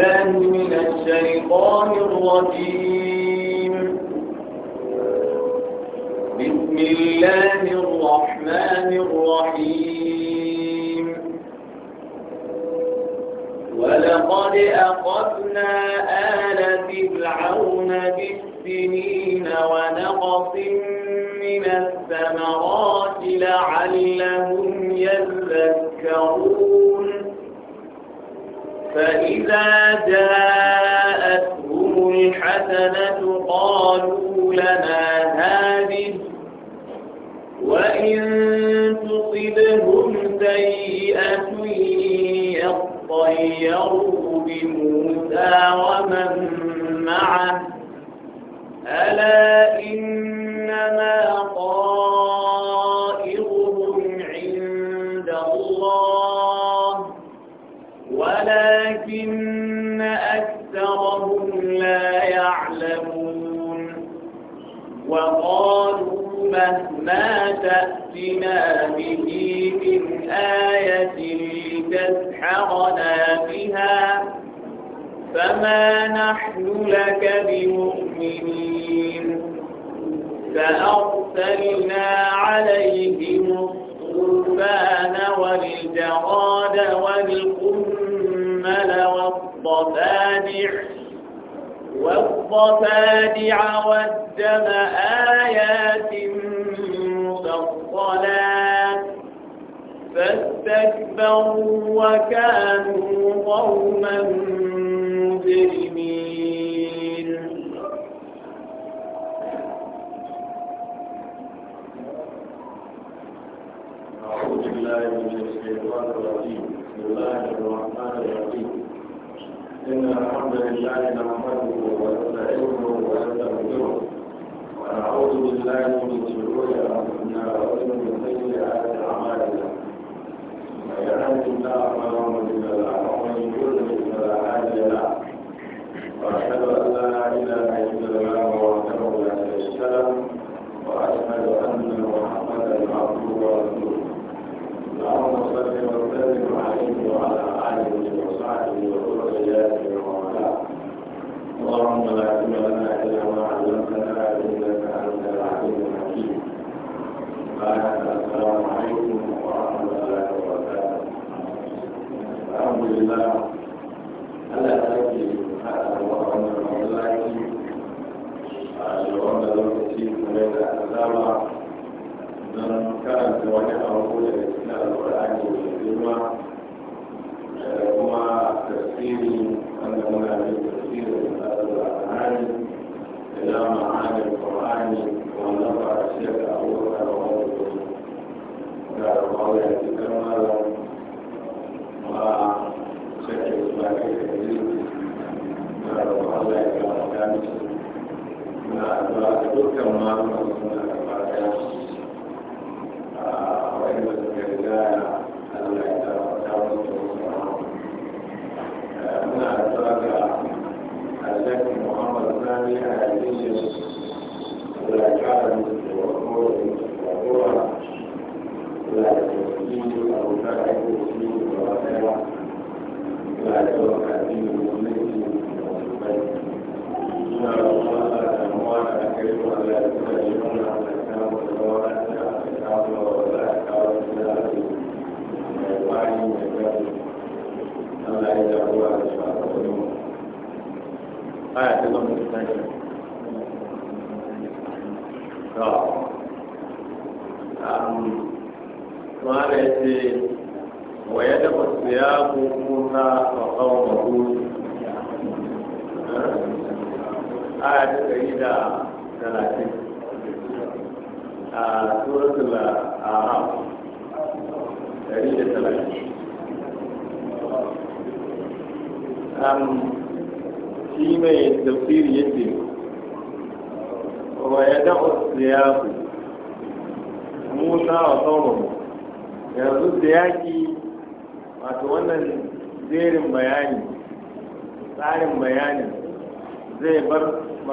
الله من الشيطان الرجيم بسم الله الرحمن الرحيم ولقد أخذنا آل فرعون بالسنين ونقص من الثمرات لعلهم يذكرون فإذا جاءتهم الحسنة قالوا لنا هذه وإن تصبهم سيئة يطيروا بموسى ومن معه ألا آية لتسحرنا بها فما نحن لك بمؤمنين فأرسلنا عليهم الطوفان والجراد والقمل والضفادع والضفادع والدم آيات مفصلات فاستكبروا وكانوا قوما مجرمين أعوذ بالله من الشيطان الرجيم بسم الله الرحمن الرحيم إن الحمد لله نحمده ونستعينه ونستغفره ونعوذ بالله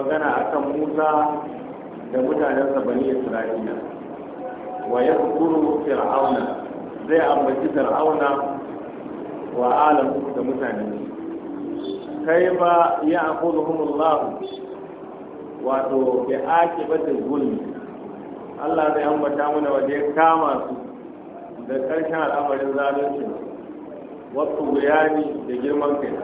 magana kan Musa da mutanensa bani Isra'ila wa ya kuru fir'auna zai ambaci fir'auna wa alam da mutanen kai ba ya akuzuhumullahu wato bi aqibatil zulmi Allah zai ambata mana waje kama su da karshen al'amarin zalunci wasu wuyani da girman kai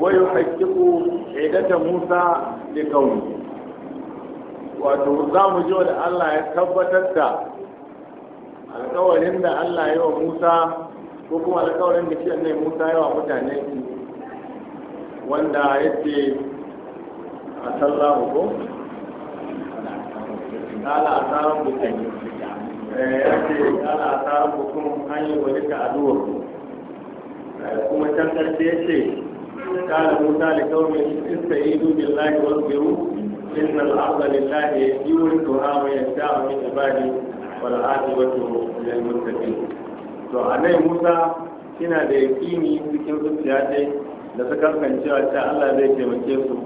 ويحقق musa موسى kauni. wato za mu ji da Allah ya tabbatar da alkawarin da Allah ya yi wa Musa ko kuma alkawarin da shi ne Musa ya wa mutane wanda ya ce a sallahu ko? ala a tsarin bukun ya ce ala a tsarin bukun an yi wa aduwa kuma can karshe ya ce قال موسى لقومه استعينوا بالله واصبروا ان الارض لله يورثها من يشاء من عباده والعاقبة للمتقين. to anai Musa kina da yaƙini cikin zuciya dai da ta kankancewa ta Allah zai taimake su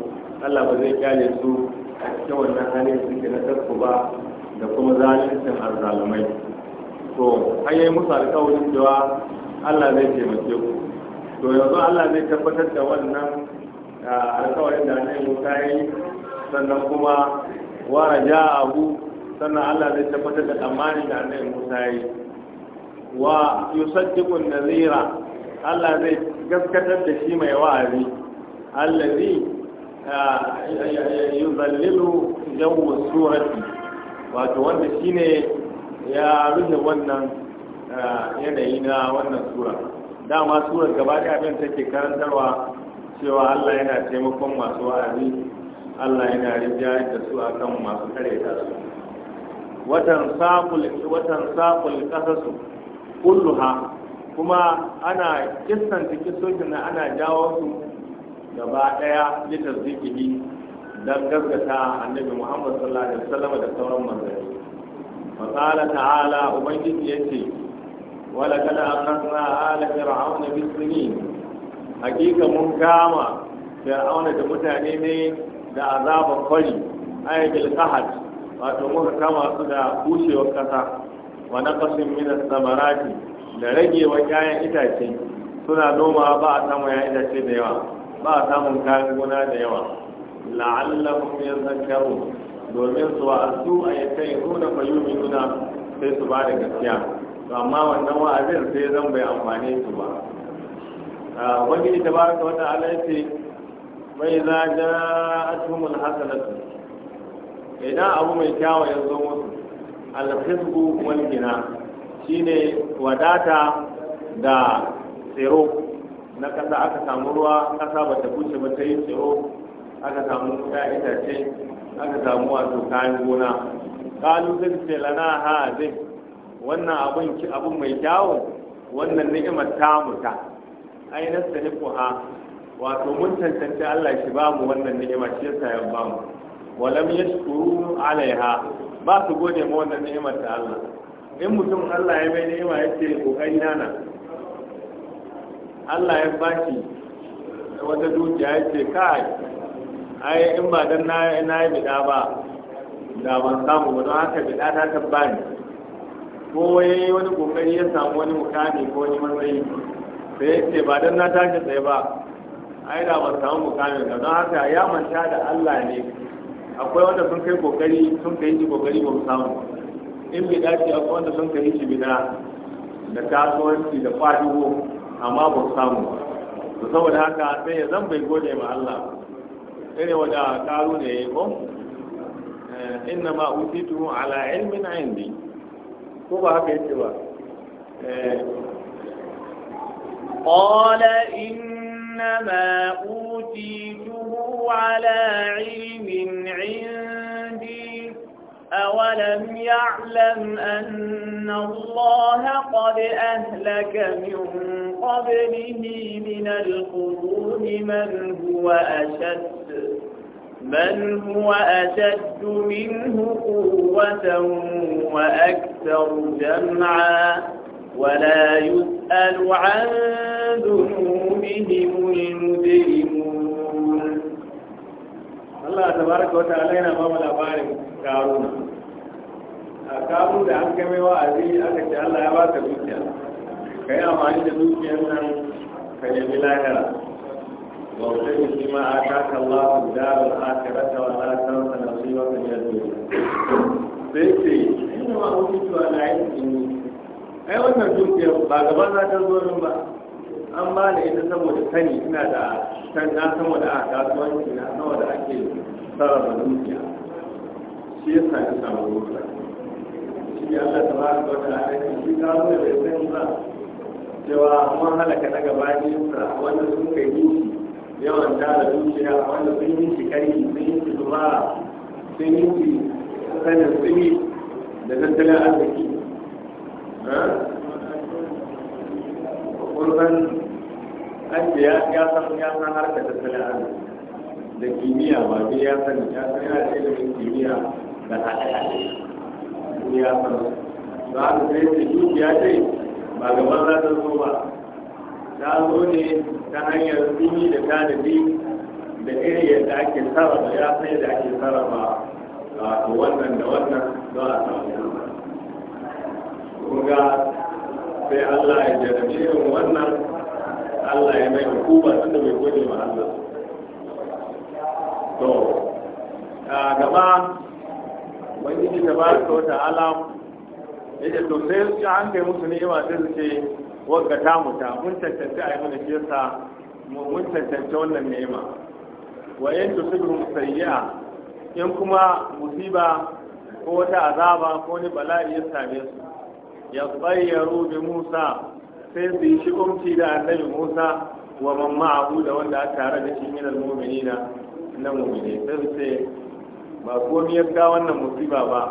Allah ba zai kyale su a cikin wannan halin suke na tasku ba da kuma zalincin arzalumai to an yi musu alƙawarin cewa Allah zai taimake ku to yanzu Allah zai tabbatar da wannan alkawarin da ne Musa yi sannan kuma wa abu sannan Allah zai tabbatar da amani da ne Musa ya yi wa yusaddiqu nazira Allah zai gaskatar da shi mai wa'azi allazi yuzallilu jawu surati wato wanda shine ya rufe wannan yanayi na wannan sura dama surar gaba da abin take karantarwa cewa Allah yana taimakon masu wa'azi Allah yana rinjayar da su akan masu kare da su watan saqul watan saqul qasasu kulluha kuma ana kissan sokin na ana jawo su gaba daya da tasdiqihi dan gaskata annabi Muhammad sallallahu alaihi wasallam da sauran manzanni fa qala ta'ala ubangiji yace wala kada akhadna ala fir'auna bisinin hakika mun kama fir'auna da mutane ne da azabar kwari ayatul qahar wato muka kama su da bushewar kasa wa naqasin min as-samarati da ragewa kayan itace suna noma ba a samun itace da yawa ba a samun kayan gona da yawa la'allahum yadhakkarun domin su wa'azu a yakai nuna fayyumi nuna sai su ba da gaskiya amma wannan wa'azin sai zan bai amfani su ba wani ah, ita ba ka wata alaifi mai za ja atumul hasalatu idan abu mai kyawa ya zo musu alhizbu walgina gina shine wadata da tsiro na kasa aka samu ruwa kasa ba ta bushe ba ta yi tsiro aka samu ya itace aka samu wato kayan gona kalu zai ce lana ha zai wannan abin ki abin mai kyawu wannan ni'imar ta muta ai ha. wato mun tantance Allah shi ba mu wannan ni'imar shi yasa ya ba mu walam yashkuru alaiha ba su gode ma wannan ni'imar ta Allah in mutum Allah ya mai ni'ima yace kokari nana Allah ya bashi wata dukiya yace kai ai in ba dan na na yi bida ba da ban samu ba don haka bida ta tabbani ko yayi wani kokari ya samu wani mukami ko wani matsayi sai ya ce ba don na tashi tsaye ba ai da ban samu mukamin da don haka ya manta da Allah ne akwai wanda sun kai kokari sun kai shi kokari ba samu in bi dace akwai wanda sun kai shi bida da kasuwanci da kwadugo amma ba samu to saboda haka sai ya zan bai gode ma Allah sai wanda karu ne ko eh, inna ma utitu ala ilmin indi Eh. قال إنما أوتيته على علم عندي أولم يعلم أن الله قد أهلك من قبله من القرون من هو أشد من هو أشد منه قوة وأكثر جمعا ولا يسأل عن ذنوبهم المجرمون الله تبارك وتعالى ما الأبار كارون كارون kamun da an kame أكتش الله aka ce كي ya ba ka كي kai واغتنم بما آتاك الله الدار الآخرة ولا تنس نصيبك من الدنيا sai ma hukunci wa na yin tsini ai dukiyar ba gaban na ta zo ba an da ita saboda sani ina da san na sama da a kasuwanci na nawa da ake sarrafa dukiya shi ya sa ni samu shi Allah ta ba ka wata alaƙa shi da bai ba mun na gaba sa wanda yawan tara dukiya wanda sun yi shi kari sun yi shi zuma sun yi shi sanin tsini da tattalin arziki kurban hajji ya san ya san harka tattalin arziki da kimiyya ba bi ya san ya san ya san da ilimin kimiyya da haɗe-haɗe ya san ba a sai dukiya ce ba gaban za ta zo ba ta zo ne ta hanyar tsini da galibi da iri yadda ake sarrafa ya sai da ake sarrafa a wannan da wannan za a samu kunga sai Allah ya jarabe yin wannan Allah ya mai hukuma tunda mai gode ma Allah to a gaba wani ji ta ba ta wata ala yadda to sai an kai musu ni'ima sai su ce wadda ta muta mun tantance a yi mana shi mun tantance wannan ne'ima wa in tusibhum sayya in kuma musiba ko wata azaba ko ni bala'i ya same su ya bayyaru bi Musa sai su yi shi'umci da annabi Musa wa man ma'abu da wanda aka tare da shi min al-mu'minina na mu'mini sai su ce ba komai ya ga wannan musiba ba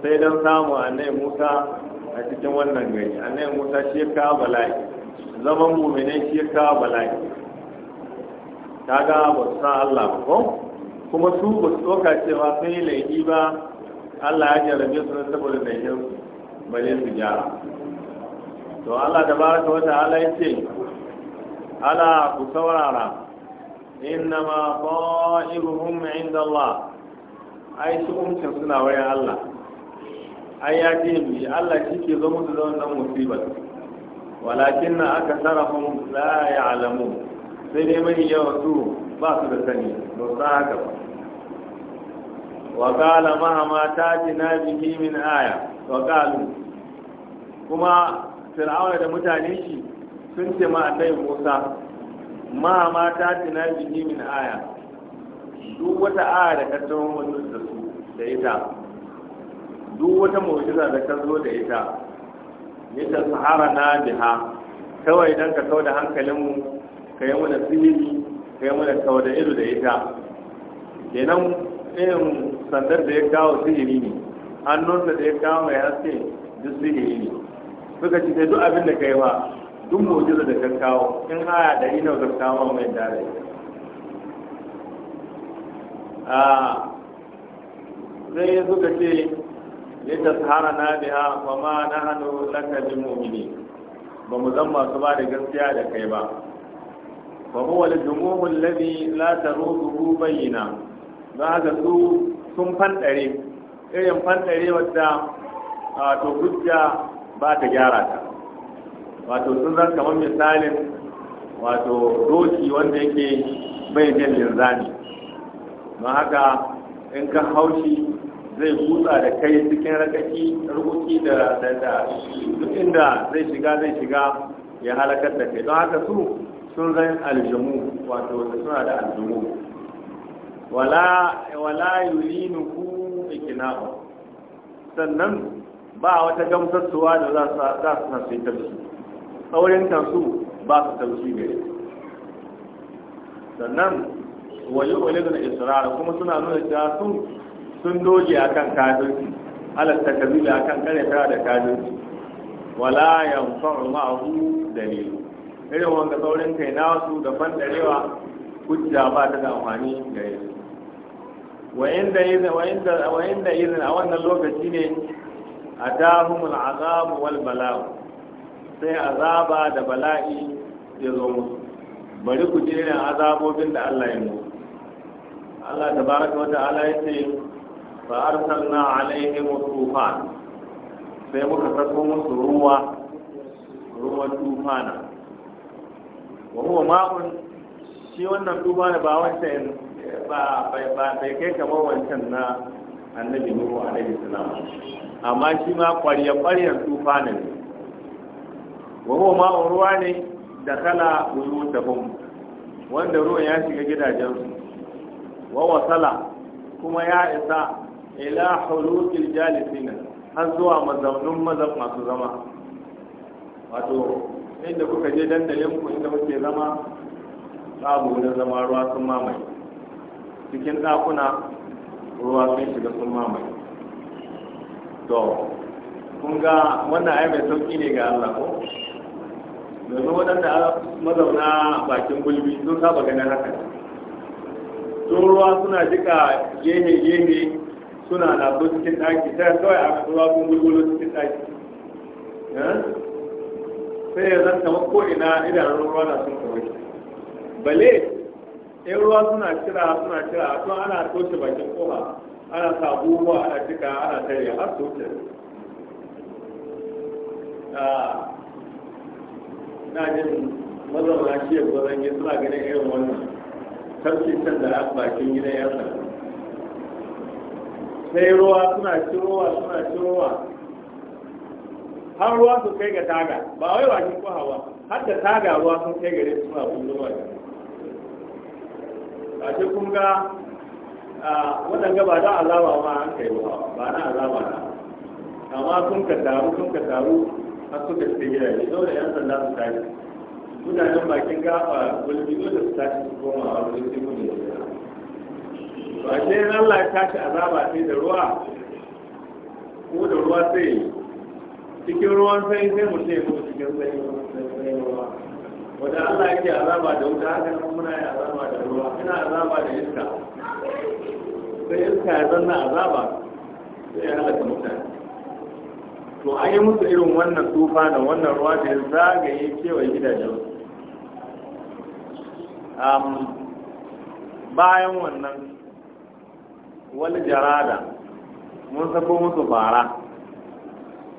sai dan samu annabi Musa a cikin wannan gari annayin Musa shi ya kawo bala'i zaman mu'mine shi ya kawo bala'i Ta ba su san Allah ba ko kuma su ba su tsoka cewa sun yi laifi ba Allah ya jarabe su saboda laifin bare su gyara to Allah da ba baraka wata ala ya ce ala ku saurara innama fa'iruhum inda Allah ai su umcin suna waya Allah ai ya ce bi Allah shi ke zo musu da wannan musibar walakin na aka mu la ya alamu sai dai mai yawa su ba su da sani ba su haka ba wa qala ta tatina bihi min aya wa qalu kuma fir'auna da mutane shi sun ce ma annabi Musa ta tatina bihi min aya duk wata aya da ka tawo da su da ita duk wata mawujiza da ka zo da ita yadda sahara na biha kawai dan ka da hankalinmu ka yi mana sihiri ka yi mana da ido da ita kenan irin sandar da ya kawo sihiri ne hannunsa da ya kawo mai haske duk sihiri ne suka ce duk abin da ka yi ba duk mawujiza da ka kawo in haya da ina ka kawo mai dare ah, sai suka ce litasharana biha wa ma nahnu laka bimu'minin ba mu zan masu ba da gaskiya da kai ba fa huwa al-jumu'u alladhi la taruduhu bayyina za ga su sun fandare irin fandare wadda to hujja ba ta gyara ta wato sun zan kamar misalin wato doki wanda yake bai jin linzami don haka in ka haushi zai kutsa da kai cikin rakaki rukuki da duk inda zai shiga zai shiga ya halakar da kai don haka su sun zai aljamu wato suna da aljamu wala wala nuku ikina sannan ba wata gamsassuwa da za su za su sa sai tausi saurin kansu ba su tausi gare sannan wani wale da israra kuma suna nuna cewa sun sun doge kan kajoji alasta kabila akan karyata da kajoji wala yanfa'u da dalilu irin wanda saurin kai su da fandarewa hujja ba ta da amfani gare su wa da izin izin a wannan lokaci ne atahumul azabu wal bala'u sai azaba da bala'i ya zo musu bari ku je azabobin da Allah ya mu Allah ta baraka wata ala ya ce fa arsalna alaihim tufan sai muka sako musu ruwa ruwan tufana wa huwa ma'un shi wannan tufana ba wancan ba bai kai kamar wancan na annabi nuhu alaihi salam amma shi ma ƙwarya ƙwaryan tufana ne wa huwa ma'un ruwa ne da kala wuyutahum wanda ruwan ya shiga gidajensu wa wasala kuma ya isa ila hulukil jalisina har zuwa mazaunin mazan masu zama wato inda kuka je dandalin ku inda muke zama babu wurin zama ruwa sun mamaye cikin ɗakuna ruwa sun shiga sun mamaye to kun ga wannan ai mai sauki ne ga Allah ko domin waɗanda mazauna bakin gulbi sun saba ganin haka tun ruwa suna jika gehe-gehe suna na zo cikin ɗaki ta kawai a kasuwa kun gulgulo cikin ɗaki sai ya zanta ko ina idan ruwa na sun kawai bale in ruwa suna kira suna kira a tun ana toshe bakin kofa ana sa abubuwa ana jika ana tare har su wuce na jin mazauna shi ya gwazon suna ganin irin wannan can da bakin gidan yasa sai ruwa suna cirowa suna cirowa har ruwa su kai ga taga ba wai bakin ko hawa har da taga ruwa sun kai gare suna bullowa ba shi kun ga waɗanda ba a azaba ma an kai ruwa ba na azaba na amma sun ka taru sun ka taru har suka cikin gidaje dole yan sanda su tashi mutanen bakin gafa gulbi dole su tashi su koma a wurin sai kun yi ba sai Allah ya tashi azaba sai da ruwa ko da ruwa sai cikin ruwan sai sai mu sai ko cikin sai ruwa wanda Allah yake azaba da wuta haka nan muna yi azaba da ruwa ina azaba da iska sai iska ya zanna azaba sai ya halaka mutane to an yi musu irin wannan tufa da wannan ruwa da ya zagaye kewaye gidajen bayan wannan wani jarada mun sako musu fara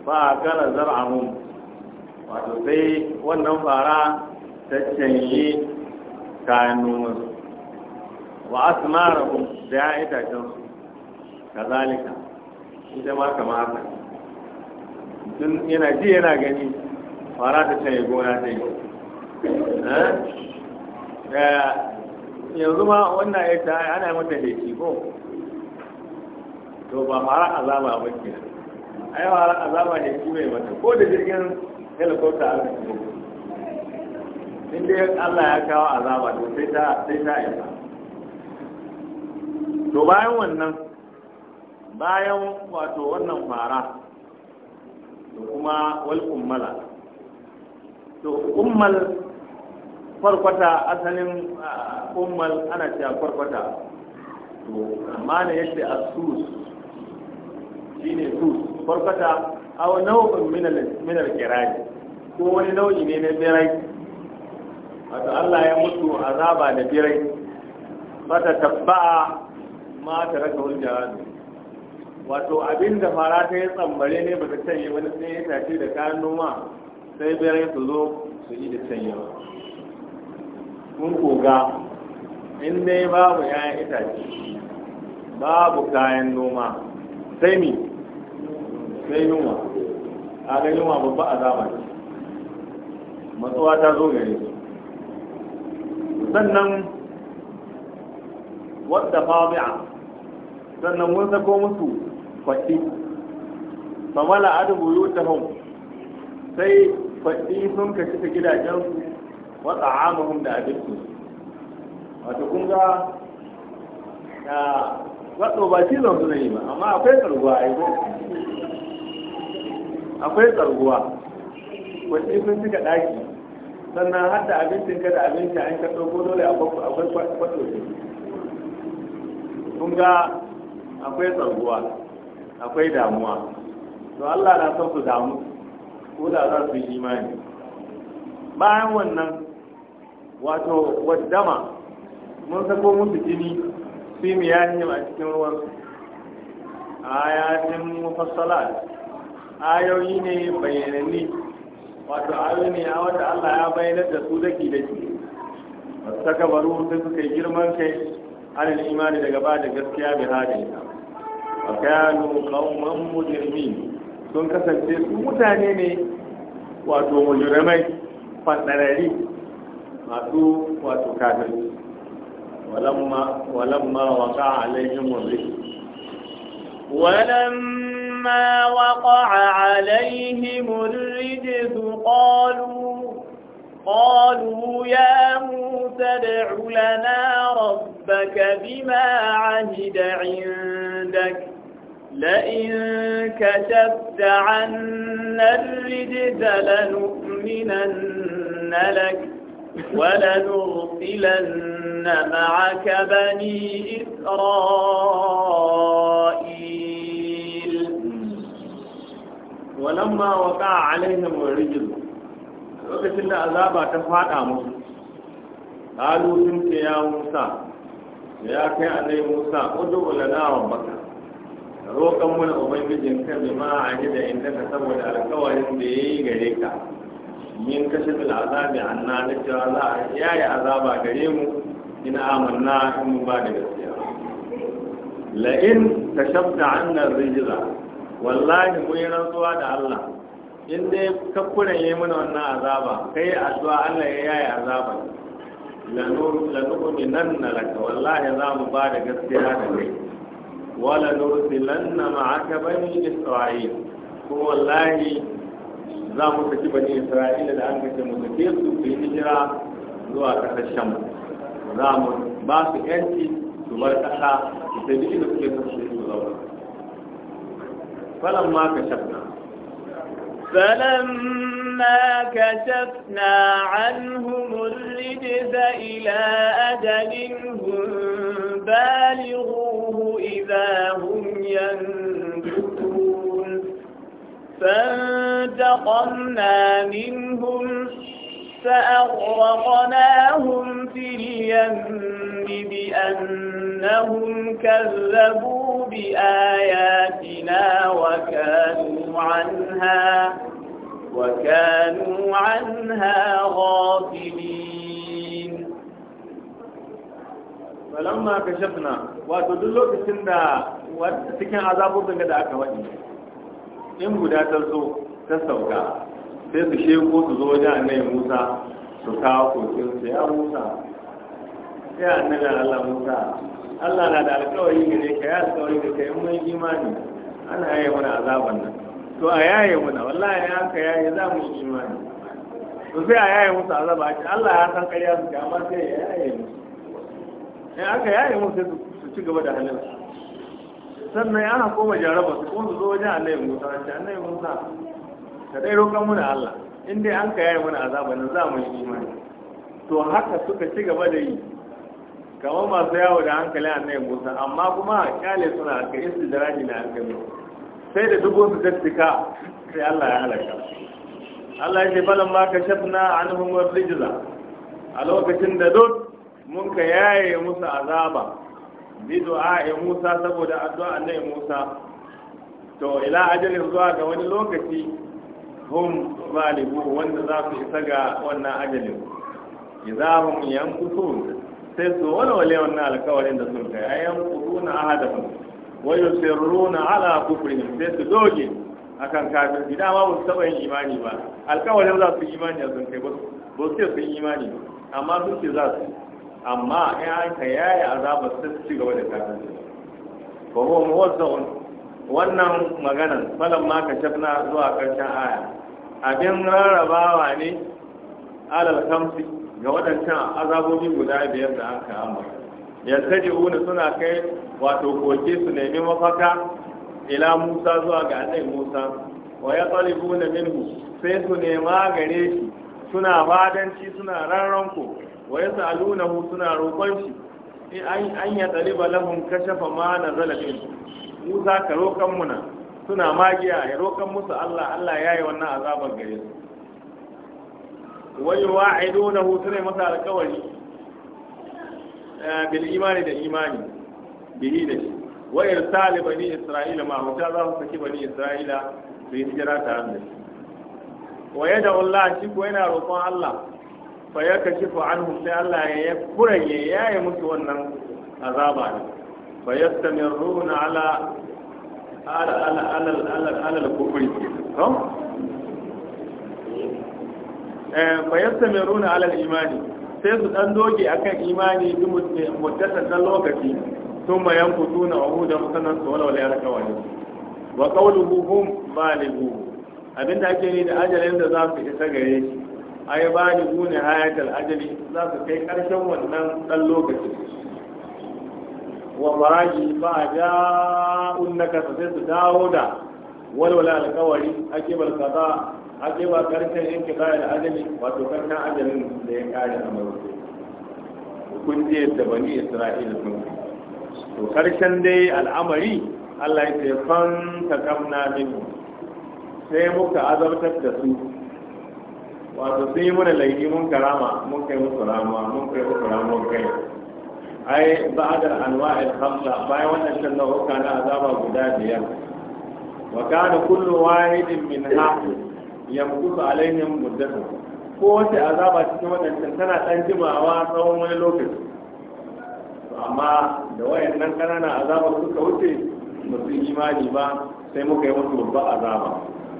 ba a a mun, wato sai wannan fara ta canyi kayan nomansu wa asmarahum da ya itacen su kazalika ita ma kama haka tun yana ji yana gani fara ta canye gona ta yi eh? Eh, yanzu ma wannan ita ana mata da ko to ba fara azaba ba ke a yi fara azaba ne shi mai mata ko da jirgin helikopta a cikin in dai allah ya kawo azaba to sai ta sai ta yi to bayan wannan bayan wato wannan fara da kuma wal ummala to ummal farkwata asalin ah, ummal ana cewa farkwata to amma ne yadda asus shine su farfata aw nau'in minar al ko wani nau'i ne na birai wato Allah ya mutu azaba da birai Bata tabba'a ma ta raka hujjara wato abinda fara ta yi tsambare ne bata canye wani sai ya tafi da kayan noma sai birai su zo su yi da ba mun koga in dai babu 'ya'yan itace babu kayan noma sai mi sai yunwa a ga yunwa babba a zamani matsuwa ta zo gare su sannan wadda fabi'a sannan mun sako musu faɗi famala adabu yau ta hau sai faɗi sun ka cika gidajensu wata amurin da abinci wata kun ga ah, waɗo ba cizon su na yi ba amma akwai karuwa a yi akwai tsarguwa wacce sun suka ɗaki sannan har abincin ka da abinci an ka ɗauko dole akwai kwato ne kun ga akwai tsarguwa akwai damuwa to Allah na son su damu ko da za su yi imani bayan wannan wato waddama mun sako musu jini fi miyahim a cikin ruwan yajin mufassalat ayoyi ne bayanani wato ayoyi ne a wata Allah ya bayanar da su zaki daki daki ta kabaru sai suka yi girman kai an imani daga ba da gaskiya bi hadin wa kanu qauman mujrimin sun kasance su mutane ne wato mujrimai fadarari masu wato kafirci walamma walamma waqa alaihim wa ولما فلما وقع عليهم الرجز قالوا قالوا يا موسى ادع لنا ربك بما عهد عندك لئن كشفت عنا الرجز لنؤمنن لك ولنرسلن معك بني إسرائيل Wa ka a alaihim rijl lokacin da azaba ta fada musu qalu sun ce ya Musa ya kai alai Musa wa baka rabbaka roƙan mana ubangijin ka bi ma a da inda ka saboda alƙawarin da ya yi gare ka Yin kashe bil azabi an na cewa za a yaya azaba gare mu in amanna in mu ba da gaskiya ta in kashafta anna wallahi mun yi rantsuwa da Allah in dai ka yi mana wannan azaba kai addu'a Allah ya yi azaba lanuru lanuru nan na laka wallahi za mu ba da gaskiya da kai wala nursilanna ma'aka bani isra'il Ko wallahi za mu saki bani isra'ila da an kace mu sake su su yi hijira zuwa kasar za mu ba su yanci su bar kasa su tafi da suke kasance su zauna فلما كشفنا فلما كشفنا عنهم الرجز إلى أجل هم بالغوه إذا هم ينكثون فانتقمنا منهم فأغرقناهم في اليم بأنهم كذبوا بآياتنا وكانوا عنها وكانوا عنها غافلين فلما كشفنا وتدلوا بسنة وتكن عذاب بن قد أكواني إن قد تلزو تستوكا sai su sheko su zo wajen annabi Musa su kawo kokin su ya Musa sai annabi Allah Musa Allah na da alkawari gare ka ya alkawari da kai mun imani ana yaye mana azaban nan to a yaye mana wallahi ya ka yaye za mu yi imani to sai a yaye musu azaba a ce Allah ya san ƙarya su ga amma sai ya yaye musu in aka yaye musu sai su ci gaba da halin sannan ya ana koma jaraba su kuma su zo wajen ya Musa ce annabi Musa ka dai mu muna Allah in dai an ka yaye mana azaban nan za mu yi imani to haka suka ci gaba da yi kamar masu yawo da hankali a nai musa amma kuma kyale suna ka isi da rani na hankali sai da dubu su tattika sai allah ya halaka allah ya ce falon ma ka shafna a hunwar rijila a lokacin da duk mun ka yaye musu azaba bi yi musa saboda addu'a nai musa to ila ajalin zuwa ga wani lokaci hun balibu wanda za su isa ga wannan ajalin idahum yankusun sai su wale wannan alkawarin da sun kai ayan kuruna ahadahum wa na ala kufrihim sai su doge akan kafirci dama ba su taɓa yin imani ba alkawarin za su yi imani sun kai ba su ce sun yi imani amma sun ce za su amma ya an ka yaya azabar sai su ci gaba da kafirci ba wasu zaun wannan maganan falan ma ka shafna zuwa ƙarshen aya abin rarrabawa ne alal kamsi ga waɗancan azabobi guda biyar da aka ambata yattaji una suna kai wato koke su nemi mafaka ila musa zuwa ga annabi musa wa ya wuni minhu sai su nema gare shi suna badanci suna rarranko wa ya sa'alunahu suna roƙon shi an ya ba lahum kashafa ma na zalafin musa ka roƙan muna suna magiya ya roƙon musu allah allah ya yi wannan azabar gare su wai wa'idunahu sune masa alƙawari bil da imani bihi da shi wa irsali bani isra'ila ma huta za su saki bani isra'ila su yi hijira ta da shi wa yada Allah shi ko roƙon Allah fa ya kashifu anhu sai Allah ya azaba ne fa Eh, fayastamiruna alal imani sai su dan doge akan imani bi muddatan ɗan lokaci thumma yanqutuna uhuda musannan su wala wala yarka wani wa qawluhu hum balighu da ake ne da ajalin da za su isa gare shi ay balighu ne hayatul ajali za su kai karshen wannan dan lokaci wa faraji ba ja'un kasa sai su dawo da walwala alkawari ake balkaza har sai ba karshen yanke bayan ajali wato karshen ajalin da ya kare a maroko hukunci da bani isra'ila sun fi. to karshen dai al'amari allah ya ce fan takamna min sai muka azabtar da su wato sun yi mana laifi mun karama mun kai musu rama mun kai musu rama kai ai ba'adar anwa'il khamsa bayan wannan shan nau'uka na azaba guda biyar wa kana kullu wahidin min hafi yamkutu alaihim muddatu ko wace azaba cikin wadannan tana dan jimawa tsawon wani lokaci amma da wayannan kanana azaba suka wuce musu imani ba sai muka yi musu babban azaba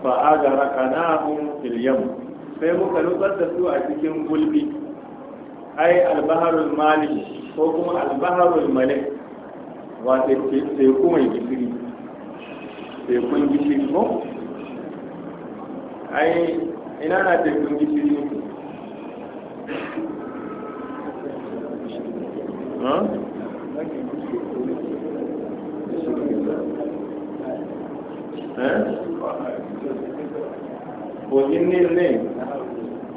fa agara kanahum fil yam sai muka lutsar da su a cikin gulbi ai albaharul mali ko kuma albaharul malik wato teku mai gishiri kun gishiri ko ai ina na tekun gishiri kogin nil ne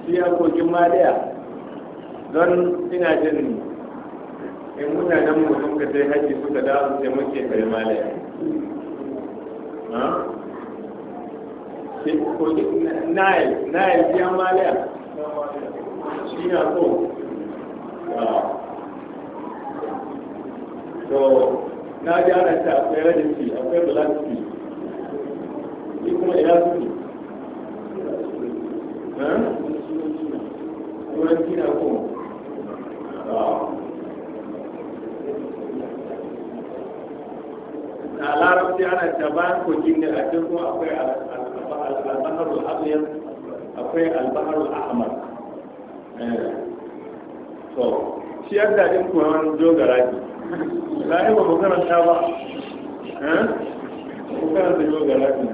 shi ya kogin maliya don ina jin in muna nan mutum ka sai haji suka da su sai muke kai maliya nile nile maliya shi na so na ji ana ta akwai rajin akwai black ci kuma ina su eh? na a larabci ana ta bayan kogin da a cikin akwai alaƙa al-bahar al-abyad akwai al-bahar al-ahmar shi an dadin kuwan dogara ki sai ba magana ta ba eh ko kana da dogara ki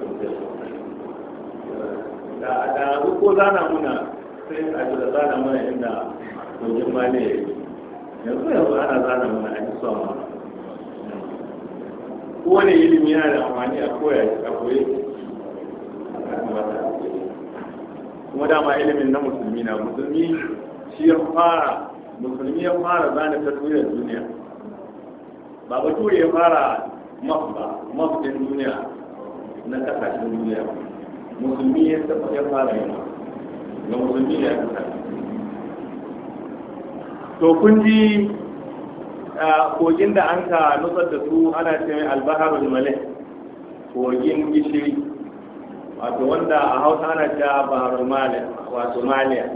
da da ko zana muna sai a da zana muna inda dogin ma ne yanzu yanzu ana zana muna a yi sama kowane ilimi yana da amfani a koya a koye kamata a yi kuma dama ilimin na musulmi na musulmi shi ya fara musulmi ya fara zane taswirar duniya ba bature ya fara maf ba maf din duniya na kasashen duniya musulmi ya taɓa ya fara yin ga musulmi ya kasa to kun ji kogin da an ka nutsar da su ana ce albaharul malik kogin gishiri wato wanda a hausa ana ta bahar wato maliya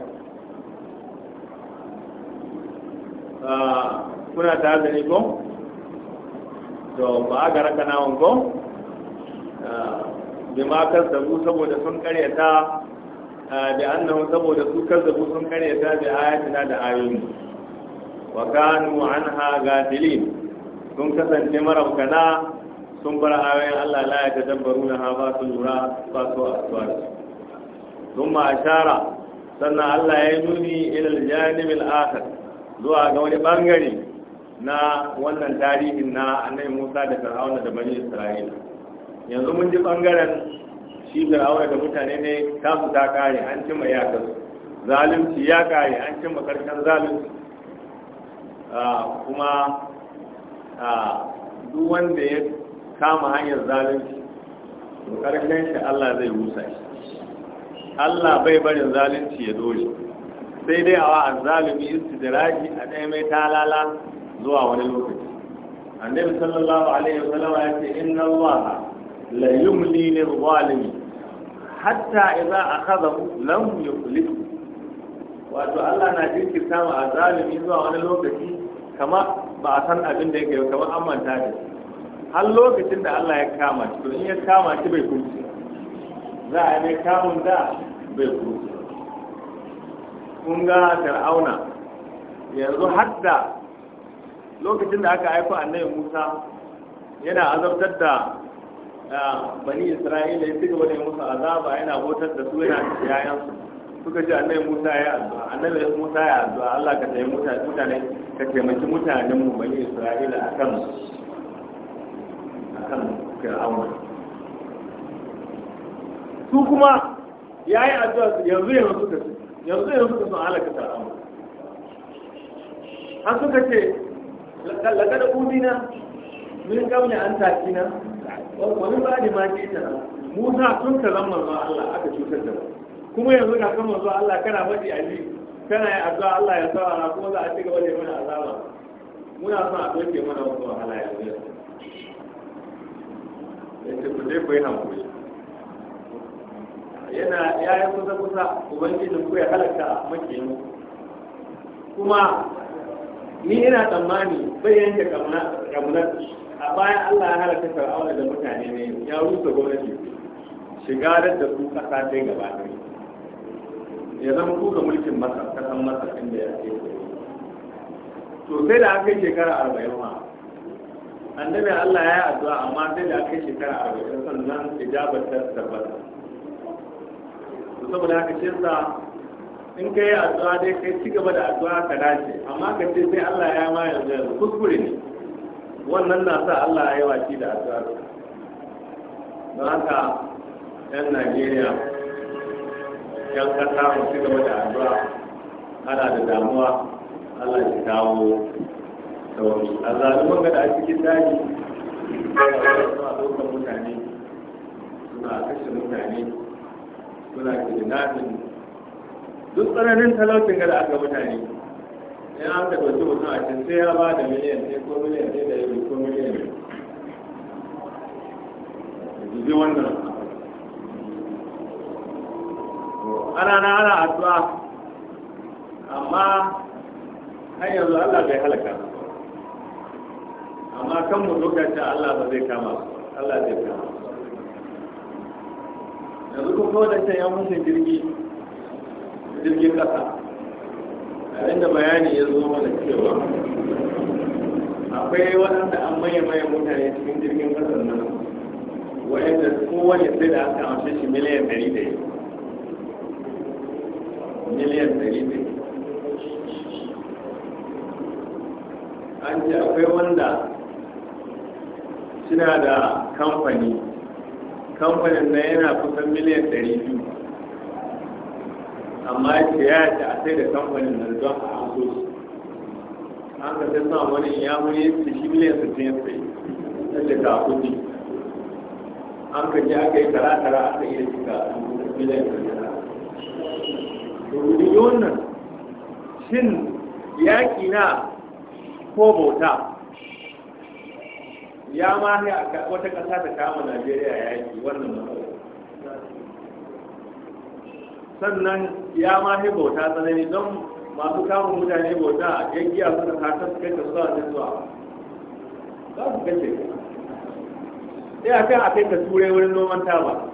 ah, kuna ta zane ko? to ba a gara kanawan ko? Ah, bi ma kazzabu saboda sun karyata ah, bi annahu saboda su kazzabu sun karyata bi ayatina da ayoyi wa kanu anha gadilin sun kasance marabkana sun bar ayoyin Allah la ya tadabbaru na ba su lura ba su asuwa sun ma ashara sannan Allah ya yi nuni ilil janibin akhar zuwa ga wani bangare na wannan tarihin na annabi Musa da Fir'auna da Bani Isra'ila yanzu mun ji bangaren shi Fir'auna da mutane ne tasu ta kare an cimma iyakar zalunci ya kare an cimma karshen zalunci ah, kuma ah, duk wanda ya kama hanyar zalunci to karshen shi Allah zai rusa shi Allah bai barin zalunci ya dole sai dai awa azzalimi istidraji a ɗaya mai talala zuwa wani lokaci annabi sallallahu alaihi wasallam ya ce inna Allah la yumli lil zalimi hatta idza akhadahu lam yuflih wato Allah na jirkita mu azzalimi zuwa wani lokaci kama ba a san abin da yake kamar an manta da shi har lokacin da Allah ya kama shi to in ya kama shi bai kurce za a mai kamun da bai kurce kun ga fir'auna yanzu hadda lokacin da aka aiko annabi Musa yana azabtar da bani Isra'ila ya cigaba wani Musa azaba yana hotar da su yana yayan suka ji annabi Musa ya azaba annabi Musa ya azaba Allah ka taimaki mutane ka taimaki mutanen mu bani Isra'ila akan kan fir'auna su kuma ya yi addu'a su yanzu yanzu suka su yanzu yanzu suka sun halaka fir'auna an suka ce laka da udina min gamne an taki na wani ba da ma ke tana musa tun zama manzo Allah aka cutar da kuma yanzu ka kan manzo Allah kana mafi aji kana yi addu'a Allah ya saurara kuma za a ci gaba da mana azaba muna son a doke mana wasu wahala yanzu yace zai dai ku yi yana ya yi kusa kusa ubangijin ku ya halaka makiyin kuma ni yana tsammani bai yanke kamunar a bayan Allah ya halaka fir'auna da mutane ne ya rusa gwamnati shiga da su kasa dai gaba ɗaya ya zama kuka mulkin masa, kasan masa inda ya ce to sai da aka yi shekara arba'in ma annabi Allah ya yi addu'a amma sai da aka shekara a wajen sannan ijabar ta tabbata saboda haka shi yasa in ka yi addu'a dai kai ci gaba da addu'a ka dace amma ka ce sai Allah ya ma yanzu yanzu kuskure ne wannan na sa Allah ya yi waki da addu'a don haka yan Najeriya yan kasa mu ci gaba da addu'a ana da damuwa Allah ya kawo sauri a zaluman gada a cikin daji a ɗaukar mutane suna kashe mutane suna kidnapping duk tsananin talaucin gada aka mutane in an ka ɗauki mutum a can sai ya ba da miliyan ɗaya ko miliyan ɗaya da yabi ko miliyan ɗaya jibi wannan ana na ana addu'a amma har yanzu Allah bai halaka ba amma kan mu lokacin Allah ba zai kama Allah zai kama yanzu ko kawai da ta yan musu jirgi jirgin kasa a da bayani ya zo mana cewa akwai waɗanda an maye maye mutane cikin jirgin kasar nan wa'anda kowane sai da aka amshe shi miliyan ɗari da miliyan ɗari da an ce akwai wanda suna da kamfani kamfanin na yana kusan miliyan 200 amma ya ce ya ce a sai da kamfanin na don a hanzo su an ka sai sa wani ya wuri su shi miliyan 60 ya sai ta ce ka kudi an ka ji aka yi tara-tara aka yi da cika miliyan 60 rubutun nan shin yaƙi na ko bauta ya ma wata ƙasa ta kama najeriya ya yi wannan matsala sannan ya ma yi bauta tsanani don masu kamun mutane bauta ya giya su da kasar su kai da su zuwa zuwa za su kace sai a kai a kai ka turai wurin noman taba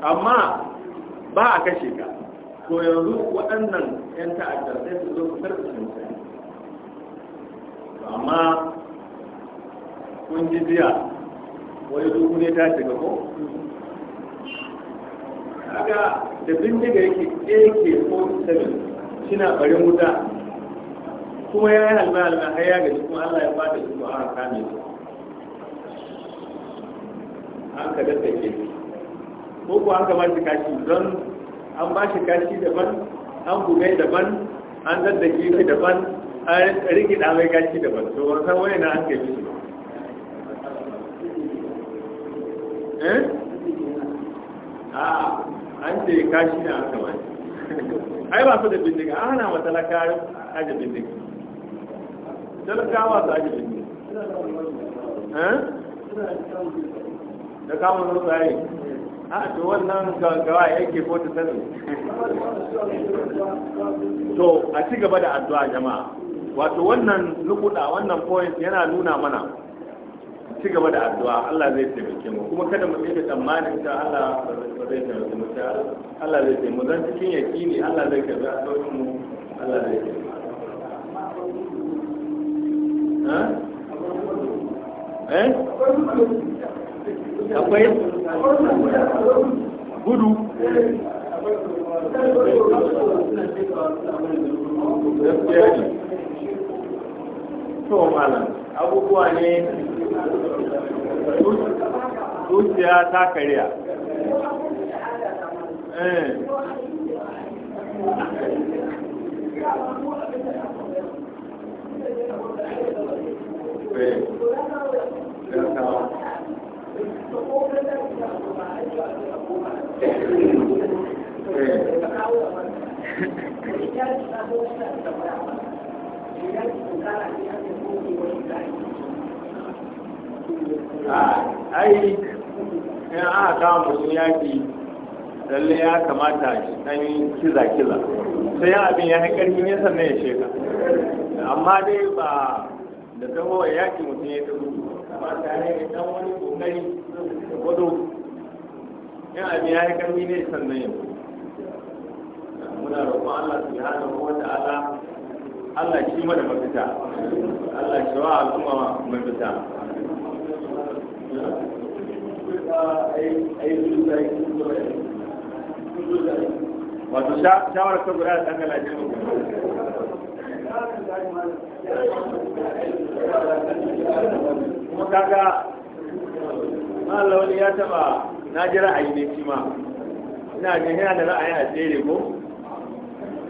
amma ba a kashe ka to yanzu waɗannan 'yan ta'addar sai su zo su karɓi mutane amma kun ji jiya wani duhu ne ta shiga ko haka da bindiga yake ak ko seven shina barin wuta kuma ya yi halma halma har ya gaji kuma allah ya bada shi ko an kame su an ka dasa ke ko ko an gaba shi kashi don an ba shi kashi daban an bugai daban an daddake shi daban an rikida mai kashi daban to ban san wani na an kai shi eh a ah, an ce kashi na aka wani ai ba su da bindiga an hana wata laka aje bindiga talakawa su aje bindiga eh? da kamun tsuntsaye a ah, to wannan gawa ya ke ta sanin to a ci gaba da addu'a jama'a wato wannan lukuda wannan point yana nuna mana ci gaba da addu'a Allah zai taimake mu kuma kada mu yi tsammanin ta Allah ba zai taimake mu ta Allah zai taimake mu zan cikin yakini Allah zai karbi addu'o'in mu Allah zai taimake ha eh akwai gudu to malam abubuwa ne zuciya ta karya Thank eh. you. Eh. Eh. ai in aka kama mutum yaki lalle ya kamata ɗan kiza-kiza sai abin ya haƙarfi ne sannan ya sheka amma dai ba da taho ya yaki mutum ya taho ba tare da ɗan wani ƙoƙari gudu in abin ya haƙarfi ne sannan ya muna roƙon Allah su yi hana wata ala Allah shi da mafita Allah shi wa al'umma mafita wato shawarar ta guda da tsakala ce kuma kaga Allah wani ya taba na a yi ne shi ma ina jin yana da ra'ayi a tsere ko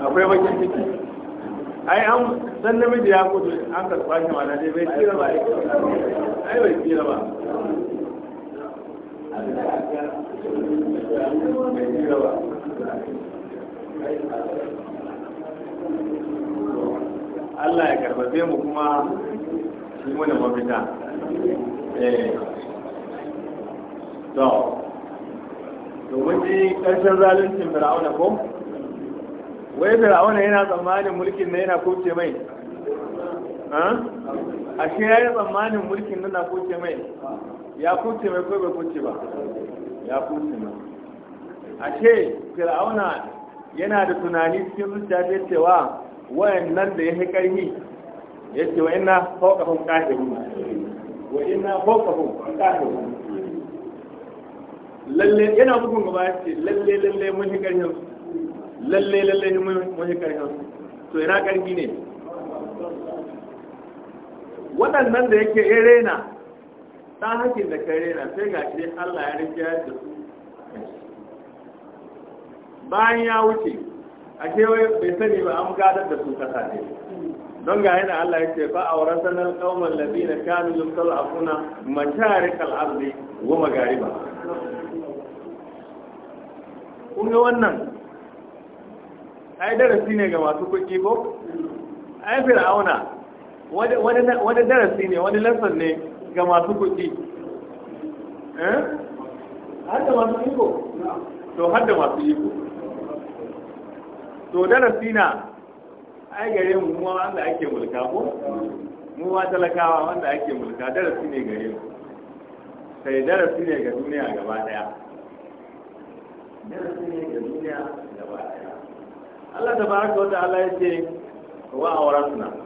akwai bakin ciki ai an san namiji ya kudu an karɓa ma na dai bai tsira ba ai bai tsira ba Allah ya karbabe mu kuma shi mu da mafita eh to to mun ji ƙarshen zaluncin fir'auna ko wai fir'auna yana tsammanin mulkin na yana kuce mai a shi ya yi tsammanin mulkin na na kuce mai ya kunce mai ko bai kunce ba ya kunce mai ce fir'auna yana da tunani cikin zuciya ta cewa nan da ya fi karhi ya ce wa ina fawqahum qahirun wa ina fawqahum qahirun lalle yana bugun gaba ya ce lalle lalle mun yi karhin lalle lalle mun yi karhin to ina karhi ne waɗannan da yake ya rena ta hakin da kare na sai ga shi Allah ya ya da su bayan ya wuce a kewaye bai sani ba an gadar da su kasa ne don ga yana Allah ya ce fa a wurin sanar kauman labi na kanu yukar a kuna masharik al'arzi wa magariba kun ga wannan ai darasi ne ga masu kuɗi ko ai fir'auna wani darasi ne wani lesson ne ga masu kuɗi eh? har da masu iko to har da masu iko to darasi na ai gare mu kuma wanda ake mulka ko mu ma talakawa wanda ake mulka darasi ne gare mu sai darasi ne ga duniya gaba daya darasi ne ga duniya gaba daya Allah tabaraka wa ta'ala yake wa auratuna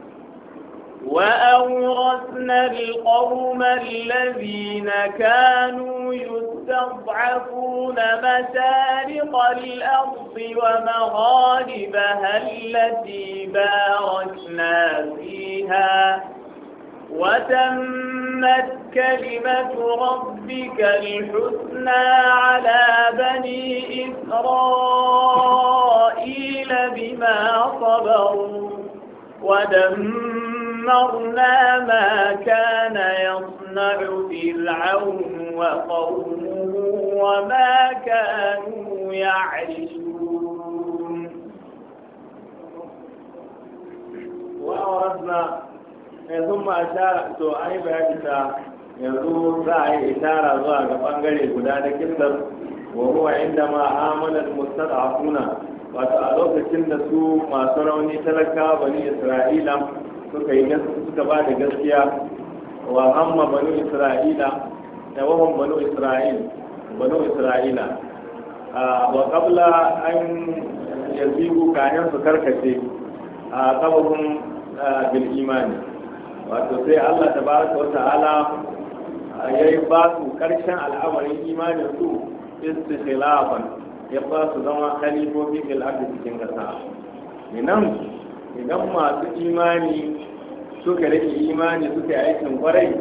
وأورثنا القوم الذين كانوا يستضعفون مسارق الأرض ومغاربها التي باركنا فيها وتمت كلمة ربك الحسنى على بني إسرائيل بما صبروا ودمت دمرنا ما كان يصنع فرعون وقومه وما كانوا يعرشون وأردنا إيه، ثم أشار سؤالي بأكتا يقول ساعي إشارة ذاك فأنقل يقول كسر وهو عندما آمن المستضعفون وسألوك كل نسوك ما سرعوني تلك بني إسرائيل suka yi suka ba da gaskiya wa hamma banu isra'ila da wahon banu isra'il banu isra'ila wa kabla an yazigu kayan su karkace a sababin bil imani wato sai Allah ta tabaraka wa ta'ala yi ba su karshen al'amarin imanin su istikhlafan ya ba su zama khalifofi fil ardi cikin gasa minan idan masu imani suka rike imani suka yi aikin kwarai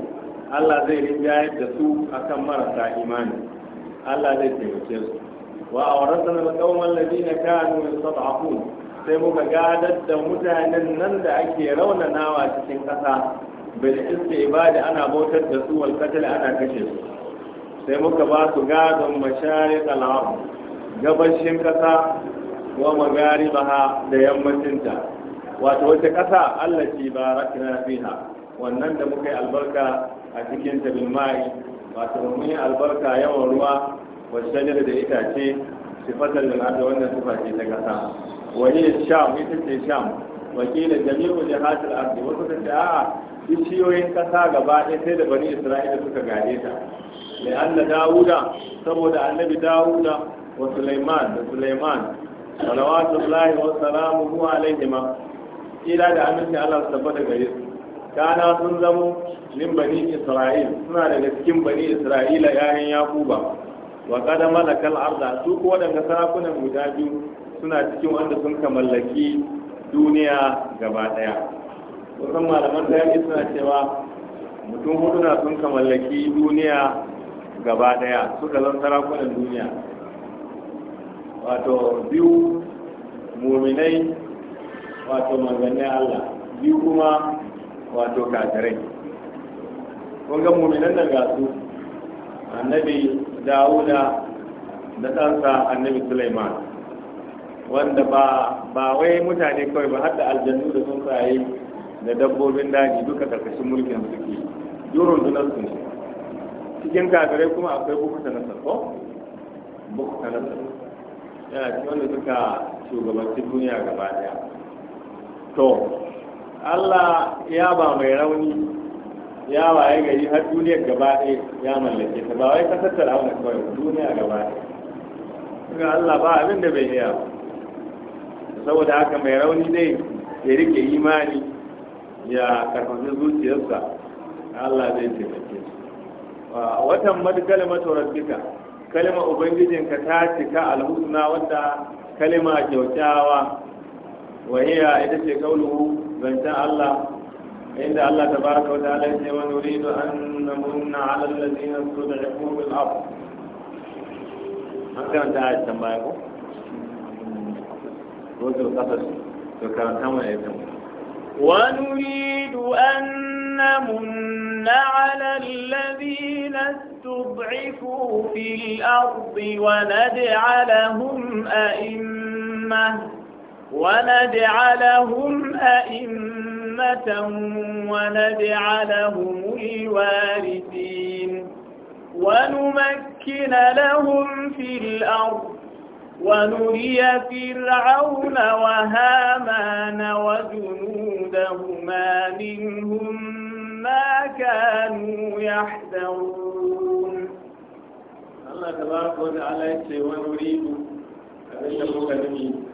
Allah zai rinjayar da su akan marasa imani Allah zai taimake su wa da tsawon alqawmal ladina kanu yastad'afun sai muka gadar da mutanen nan da ake raunanawa cikin kasa bil ibada ana bautar da su wal ana kashe su sai muka ba su gadon mashari al gabashin kasa wa magaribaha da yammacinta wato wata ƙasa Allah ce ba rakina fiha wannan da muka yi albarka a cikin tabin mai wato mun yi albarka yawan ruwa wa shajar da itace sifatar da nata wannan sifa ce ta ƙasa wani sham ita ce sham wakilin jami'u jihatul ardi wasu ta ce a'a bishiyoyin ƙasa gaba ɗaya sai da bari isra'ila suka gare ta لأن داود سبب النبي da وسليمان وسليمان صلوات الله وسلامه ma. ila da aminci Allah su tabbata gare su kana sun zamo min bani isra'il suna daga cikin bani isra'ila yayin yakuba wa kada malakal arda su ko wadanda sarakunan guda biyu suna cikin wanda sun ka mallaki duniya gaba ɗaya kusan malaman yake suna cewa mutum hudu na sun ka mallaki duniya gaba ɗaya suka zan sarakunan duniya wato biyu muminai wato manzannin Allah biyu kuma wato kafirai kun ga muminan nan ga su annabi Dawuda da ɗansa annabi Sulaiman wanda ba ba wai mutane kawai ba har aljannu da tsuntsaye da dabbobin daji duka karkashin mulkin suke yuron dunar ne cikin kafirai kuma akwai bukuta na ko bukuta na nasar yana ci wanda suka shugabanci duniya gaba daya to Allah ya ba mai rauni ya waye gari har duniyar gaba ɗaya ya mallake ta ba wai kasar wani kawai duniya gaba ɗaya ga Allah ba abin da bai iya saboda haka mai rauni dai ya rike imani ya karfafi zuciyarsa Allah zai taimake shi watan mad kalimatu rabbika kalma ubangijinka ta cika alhusna wadda kalma kyautawa وهي إذا قوله بنت الله عند الله تبارك وتعالى ونريد أن نمن على الذين استضعفوا في الأرض ما karanta a can روز القصص rojo kasar to ونريد أن نمن على الذين استضعفوا في الأرض ونجعلهم أئمة ونجعلهم أئمة ونجعلهم الوارثين ونمكن لهم في الأرض ونري فرعون وهامان وجنودهما منهم ما كانوا يحذرون الله تبارك وتعالى ونريد أن نشرك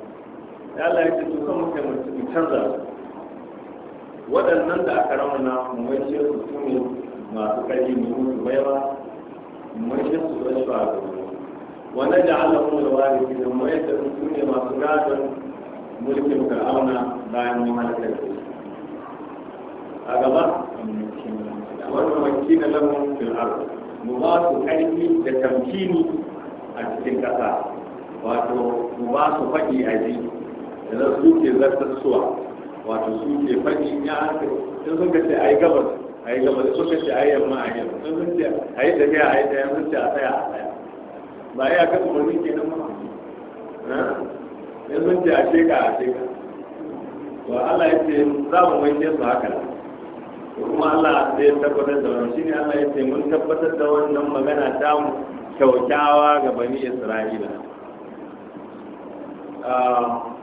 ya Allah ya ce su kan mutum canza waɗannan da aka ramuna mu wace su su ne masu ƙarfi mu mutu baiwa mu wace su da shi a wanda da Allah mu da wani don mu da su ne masu gadon mulkin fir'auna bayan mu halaka a gaba wani na lamun fil'ar mu ba su ƙarfi da tamkini a cikin ƙasa wato mu ba su faɗi a jiki idan su ke zartar suwa wato su ke faɗi ya haka in sun kace a yi gabas a yi gabas sun kace a yi yamma a yamma sun sun ce a yi tafiya a yi tafiya sun ce a tsaya a tsaya ba ya kan wani ke nan ma in sun ce a sheka a sheka to Allah ya ce za mu wanke su haka kuma Allah zai tabbatar da wannan shine Allah ya ce mun tabbatar da wannan magana ta mu kyaukyawa ga bani Isra'ila ah,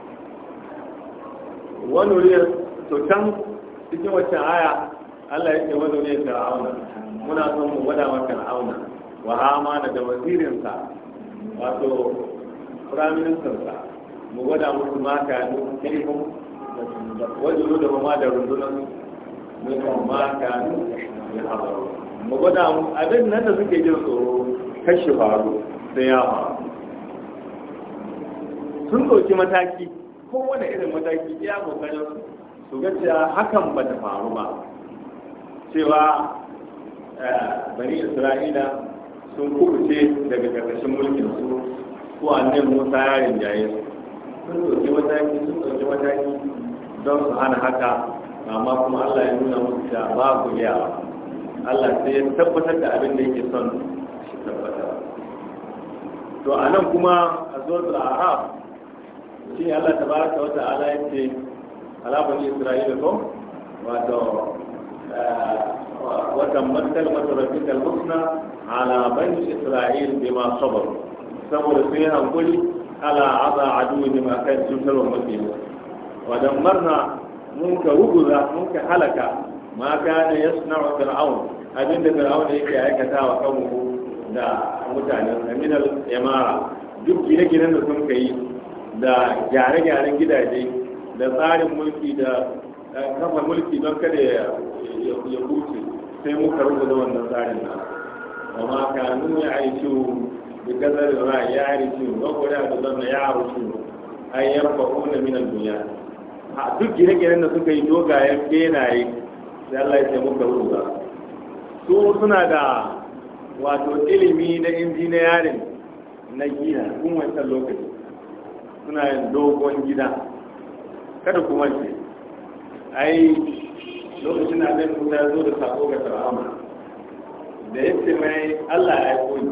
wani wuriyar to can cikin waccan aya Allah ya ce wani wuriyar fir'auna muna son mu gwada wa fir'auna wa hama da wazirinsa wato firaministansa mu gwada musu maka ne kirifin wajen da ma da rundunan mutum maka ya haɓaro mu gwada mu abin nan da suke jin tsoro kashi faru sai ya faru sun ɗauki mataki kowane irin mataki ya kokarin su ga cewa hakan ba ta faru ba cewa eh, bani isra'ila sun kubuce daga karkashin mulkin su ko annabi musa ya rinjaye su sun ɗauki mataki sun ɗauki mataki don su hana haka amma kuma allah ya nuna musu da ba ku yawa allah sai ya tabbatar da abin da yake son shi tabbatar to a nan kuma a zuwa a shi Allah ta tabaraka wa ta'ala yace ala bani isra'ila ko wato eh, Wata tammat kalmatu rabbika al-husna ala bani isra'il bima sabaru saboda sun yi hankuli ala aza aduwi bima kan cutarwa mafi Wadan dammarna mun ka ruguza mun ka halaka ma kana yasna'u fir'aun abinda fir'aun yake aikata wa kanmu da mutanen aminal yamara duk gine-ginen da sun yi. da gyare-gyaren gidaje da tsarin mulki da eh, kafa mulki don kada ya huce sai muka da wannan tsarin na amma kanu ya aiki da gazar da ya yi aiki don kuwa da zan ya aiki an yarfa na minan duniya a duk gine-ginen da suka yi dogayen benaye da Allah ya ce muka rubuta su suna da wato ilimi na injiniyarin na gina kuma wancan lokaci suna yin dogon gida kada kuma ce ai lokacin da zai mutu ya zo da sako ga fir'auna da ya ce mai allah ya aiko ne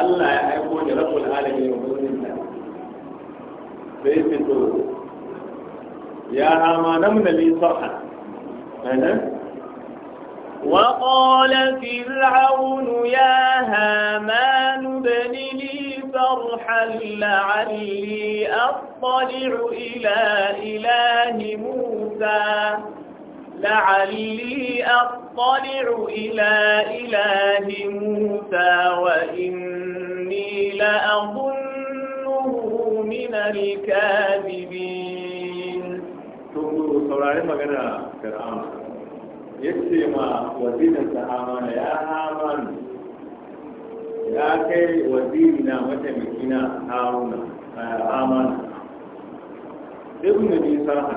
allah ya aiko ne rabbul alamin wa zulmin ne da ya ce to ya hama namna li sarha وقال فرعون يا هامان ابن لي فرحا لعلي أطلع إلى إله موسى لعلي أطلع إلى إله موسى وإني لأظنه من الكاذبين تقول سورة مغنى فرعون ما وزيدا سحامان يا هامان ya kai waziri na mataimaki na haruna amana da bi sarha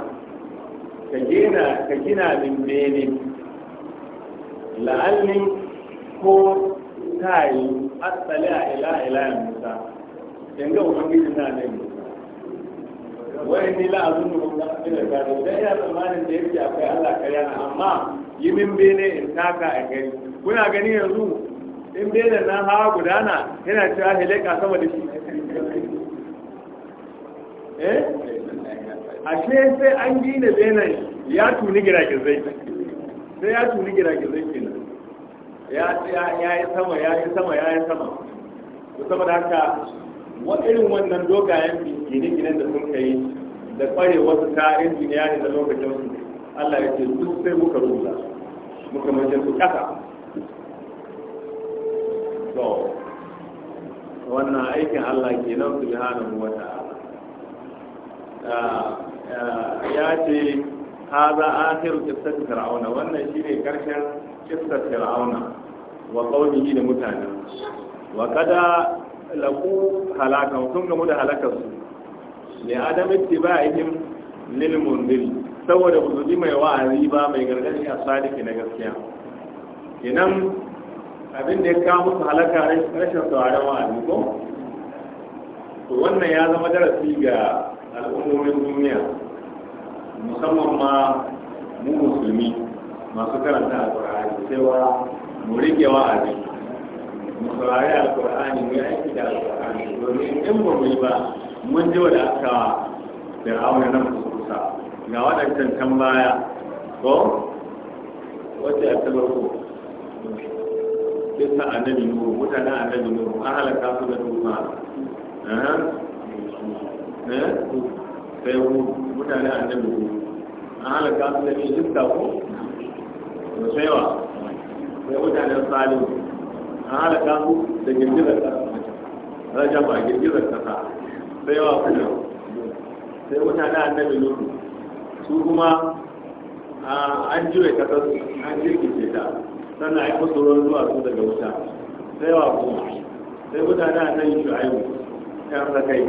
ka gina ka gina min bene la'alli ko tayi asali a ila ila musa dan wani ubangiji na ne wai ni la azunu da ga da ya zamanin da yake akwai Allah kariya amma yi min bene in taka a gani kuna gani yanzu in benin na hawa gudana yana cewa heleka sama da shi eh ashe sai an gina benin ya tuni giragizai sai ya tuni giragizai kenan ya yi sama ya yi sama ya yi sama to saboda haka irin wannan dogayen gine-ginen da sun kai da kware wasu ta injiniya ne da lokacin Allah ya ce duk sai muka rubuta muka mace su kasa to wannan aikin Allah ke nan su subhanahu wata ya ce a hiru kistar fir'auna wannan shi ne karshen kistar fir'auna wa qawlihi da mutane wa kada laqu halakan sun gamu da halakar su li adam yi lil mundil saboda uzuri mai wa'azi ba mai gargadi a sadiki na gaskiya kinan abin da ya kawo musu halaka rashin sauraron wa'azi ko to wannan ya zama darasi ga al'ummomin duniya musamman ma mu musulmi masu karanta alkur'ani cewa mu rike wa'azi mu saurari alkur'ani mu yi aiki da alkur'ani domin in ba mu yi ba mun ji wadda aka da auna nan kusa ga waɗancan can baya ko wacce a tabarko kisa annabi nuhu mutanen annabi nuhu an halaka su da tufa eh? sai hu mutanen annabi nuhu an halaka su da iska ko sai wa sai mutanen salihu an halaka su da girgizar kasa raja ba girgizar kasa sai wa kuma sai mutanen annabi nuhu su kuma ah, an jiwe kasar an jirgin ta sannan a yi musu ruwan zuwa su daga wuta sai wa kuma sai mutane a nan yi shu'ayu yan sakai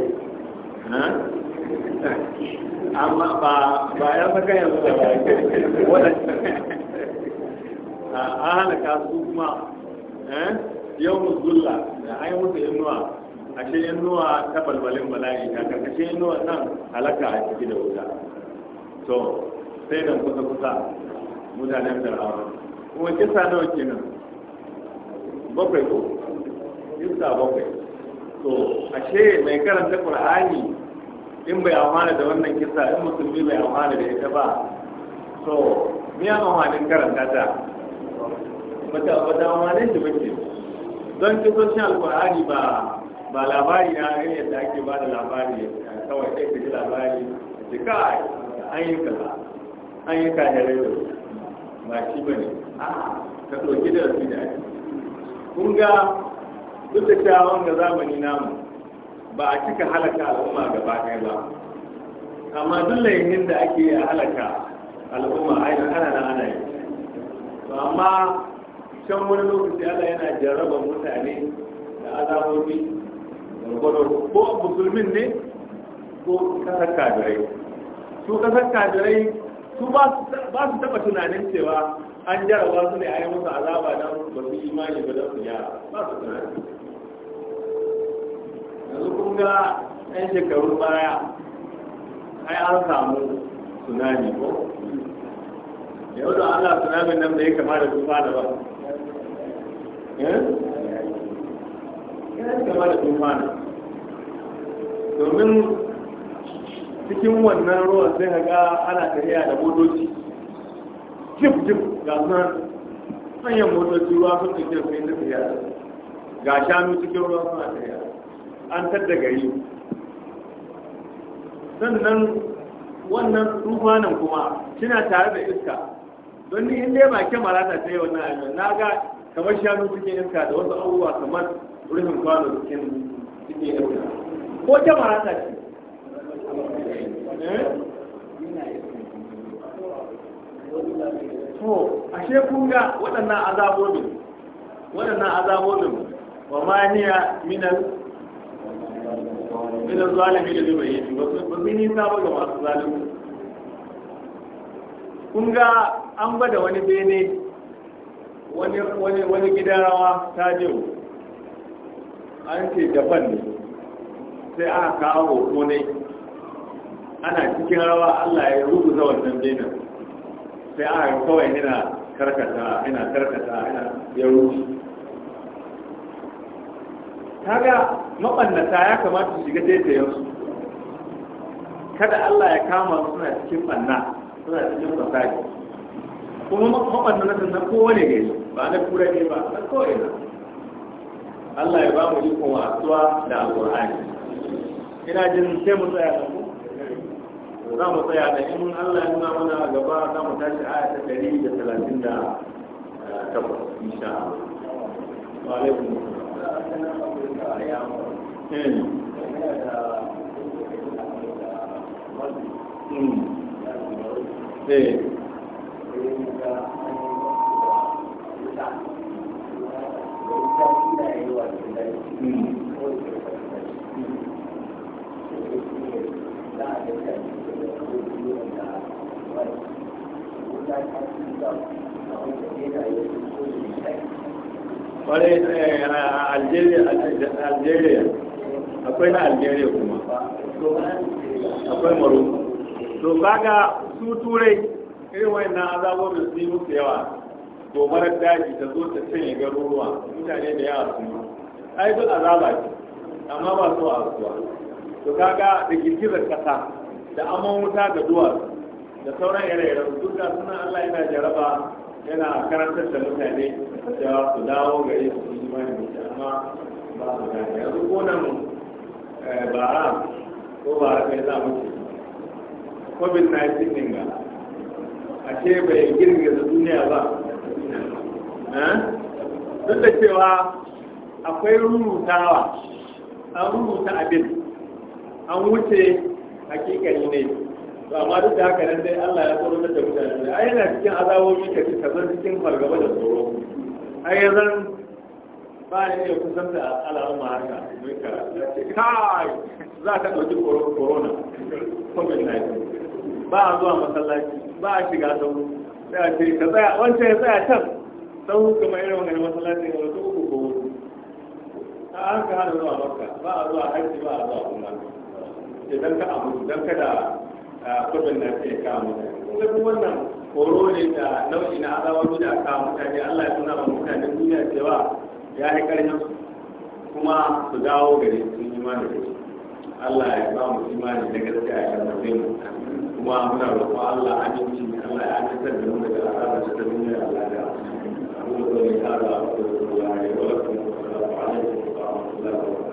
amma ba ba yan sakai yanzu da ba a halaka su kuma yau musulla da ai musu inuwa ashe nuwa ta balbalin bala'i ta karkashin inuwa nan halaka a ciki da wuta to sai da kusa kusa mutanen fir'auna wace sa nawa kenan bakwai ko kisa bakwai to ashe mai karanta qur'ani in bai amfana da wannan kisa in musulmi bai amfana da ita ba to me ya amfanin karanta ta bata bata amfanin da bace don shi alqur'ani ba ba labari na irin yadda ake ba da labari kawai sai ka ji labari da kai an yi kaza an yi da ba shi bane ka ɗauki da su da kun ga duk da cewa wanga zamani namu ba a cika halaka al'umma gaba ɗaya ba amma duk laifin da ake a halaka al'umma a yi ana da ana yi to amma can wani lokaci Allah yana jarraba mutane da azabobi gwargwado ko musulmin ne ko kasar kajirai su kasar kajirai su ba su taɓa tunanin cewa an jarawa su ne a yi musu azaba da ba su imani ba da su ba su tunani yanzu kun ga ɗan shekaru baya ai an samu tsunami ko yau da ana tsunami nan ya kama da tufa da ba yana eh? kama da tufa da domin cikin wannan ruwan sai ga ana tafiya da motoci jif jif ga suna manyan motoci ruwa sun tafiya sun yi tafiya ga shanu cikin ruwa suna tafiya an tadda gari sannan wannan rufanan kuma suna tare da iska don ni in ya ba kyamara ta sai wannan ayyuka na ga kamar shanu cikin iska da wasu abubuwa kamar rufin kwano cikin cikin iska ko kyamara ta ce eh? to ashe kun ga waɗannan azabobin waɗannan azabobin wa maniya minal minal zalimi da zuba yi ba su yi nisa ba ga masu zalimi kun ga an bada wani bene wani gidan rawa ta jiwo an ce daban ne sai aka kawo hoto ne ana cikin rawa allah ya rubuta wannan benin sai a yi kawai yana karkata yana karkata yana ya rushe kaga mabannata ya kamata shiga daidaiyar su. kada Allah ya kama suna cikin banna suna cikin fasari kuma mabannata na kowane ne ba na kura ne ba na kowai na Allah ya ba mu kuma wasuwa da alƙur'ani ina jin sai mu tsaya za mu tsaya da in Allah ya nuna mana a gaba za mu tashi aya ta ɗari da talatin da takwas insha Allah. Alaikum. Eh. Mm. Eh, algeria akwai na algeria kuma akwai morocco to kaga su turai irin wayannan azabobin su yi musu yawa gobarar daji ta zo ta canye garuruwa mutane da yawa su ai duk azaba ce amma ba su a to kaga da girgizar kasa da amon wuta ga duwatsu da sauran yare yare duk da suna Allah yana jaraba yana karantar da mutane da su dawo gare su su imani da amma ba su gane yanzu ko nan eh, bara ko bara kai za mu ce covid-19 din ga ashe bai girgiza duniya ba eh? duk da cewa akwai rurutawa an rubuta abin an wuce hakikani ne to amma duk da haka nan dai Allah ya tsoro da mutane ai yana cikin azabobi ka ci kazan cikin fargaba da tsoro ai yanzu ba ya iya kusan da alamun ma haka mai ka kai za ka ɗauki corona covid-19 ba a zuwa masallaci ba a shiga sauro sai a ce ka tsaya wancan ya tsaya can sauro kuma irin wani masallaci ne wasu uku ko wasu a haka hada zuwa makka ba a zuwa haji ba a zuwa kuma ce don ka abu don kada kudin na ce ka mutane kuma wannan horo ne da nau'i na azawoji da aka mutane Allah ya nuna ma mutane duniya cewa ya yi karfin kuma su dawo gare su imani da Allah ya ba mu imani na gaskiya ya mu kuma muna roƙon Allah aminci Allah ya amintar da mu daga azabar ta duniya Allah ya أقول قولي هذا وأستغفر الله لي ولكم والسلام عليكم ورحمة الله